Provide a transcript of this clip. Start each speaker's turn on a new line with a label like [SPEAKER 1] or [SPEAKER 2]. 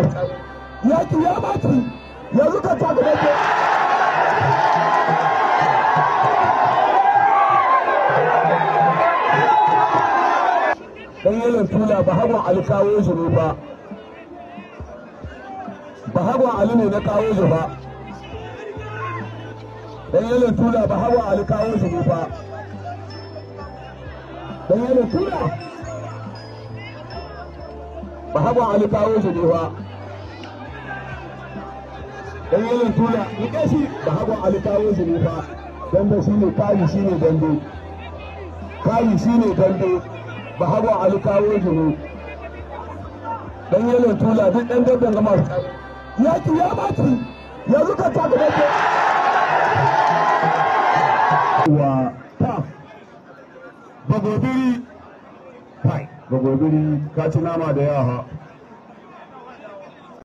[SPEAKER 1] Yaki ya baki ya ruka tafi da ke.
[SPEAKER 2] Ɗanyalar tula ba hagon Ali kawo shi ne ba.
[SPEAKER 3] Ba hagon Ali ne na kawo shi ba.
[SPEAKER 4] Ɗanyalar tula ba hagon Ali kawo shi ne ba. Ɗanyalar tula ba hagon Ali kawo shi ne ba. dan yayin tula in kashi da hagon alkawo
[SPEAKER 5] su ne fa dambe shine kari shine dambe kari shine dambe ba hagon alkawo su ne dan yayin tula duk
[SPEAKER 6] ɗan dabban ga masu yaki ya maci ya ka ta ga dabbe
[SPEAKER 7] wa ta bagobiri bagobiri ka ci nama da yawa